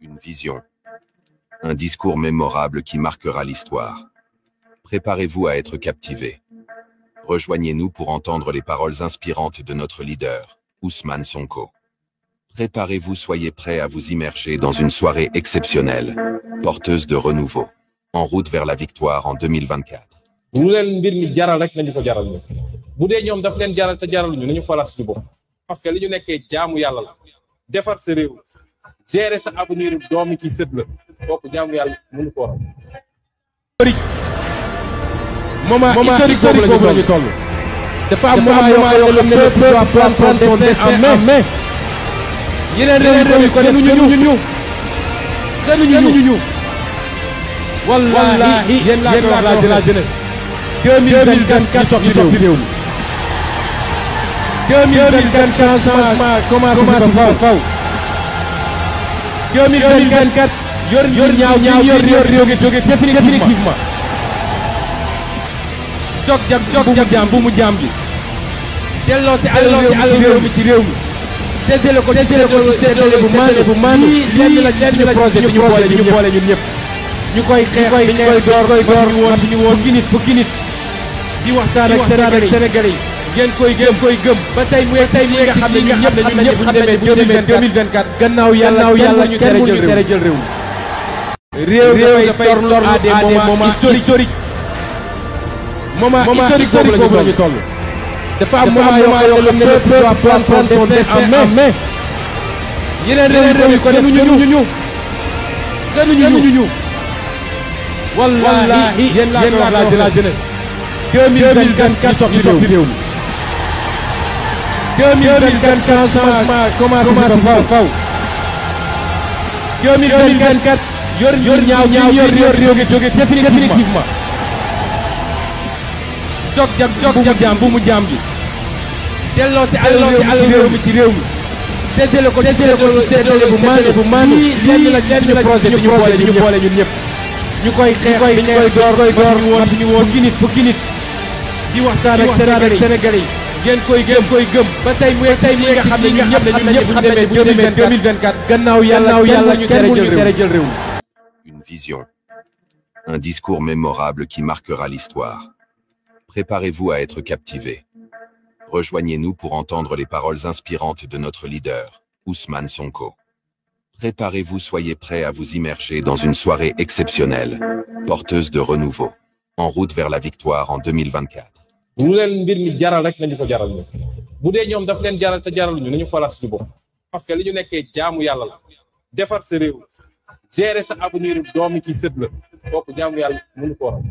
une vision, un discours mémorable qui marquera l'histoire. Préparez-vous à être captivé. Rejoignez-nous pour entendre les paroles inspirantes de notre leader, Ousmane Sonko. Préparez-vous, soyez prêts à vous immerger dans une soirée exceptionnelle, porteuse de renouveau, en route vers la victoire en gérer sa avenir doomi ci sët la kooku jaamu yàlla mënu ko waral. moment historique boobu la ñu toll. dafa am moo yoo xam ne le peuple doit prendre son destin en main. yeneen réew yi ko def gënuñu ñu. gënuñu ñu. wallaahi yéen laa ko la jeunesse. 2024 ñu soppi réew mi. 2024 changement commencé na faw faw. 2024 yor yor ñaaw ñaaw yor yor yor jóge définitivement jog jam jog jam bu mu jaam bi delloo si alal ci réew mi ci réew mi séddale ko séddale ko séddale bu maanu bu maanu lenn la lenn la projet bi ñu boole ñu boole ñun ñëpp ñu koy xeex ñu koy door koy door woon suñu woon fukki nit fukki nit di waxtaan ak Sénégalais yi ngeen koy gëm koy gëm ba tey muy tey muy nga xam ne ñun ñëpp xam nañu bu ñu demee bu ñu demee 2024 gannaaw yàlla yàlla kenn mënuñu tere jël réew réew réew dafay torlu à des moments historiques moment historique boobu la ñu toll dafa am moment yoo xam ne le peuple doit prendre son destin en main yeneen réew yi ko def gënuñu ñu gënuñu ñu wallahi yéen la jeunesse 2024 soxla réew mi 2024 changement commencé na faw 2024 yor yor ñaaw ñaaw yor yor jóge jóge définitivement dog jam dog jam jaam bu mu jaam gi delloo si alal réew mi ci réew mi séddale ko séddale ko séddale bu maane bu maane lii la suñu projet bi ñu boole ñu boole ñun ñëpp ñu koy xeex bi ñu koy door koy door woon suñu woon fukki nit fukki nit di waxtaan ak Sénégalais yi ngeen koy gëm koy gëm ba tey muy tey muy nga xam ne ñi nga xam ne une vision un discours mémorable qui marquera l'histoire préparez-vous à être captivé rejoignez-nous pour entendre les paroles inspirantes de notre leader Ousmane Sonko préparez-vous soyez prêts à vous immerger dans une soirée exceptionnelle porteuse de renouveau en route vers la victoire en lu leen mbir mi jaral rek nañu ko jaral ñu bu dee ñoom daf leen jaral te jaraluñu nañu xoolaat suñu bopp parce que li ñu nekkee jaamu yàlla la defar sa réew gérer sa avenir doomi ci sët la kooku jaamu yàlla mënu ko waral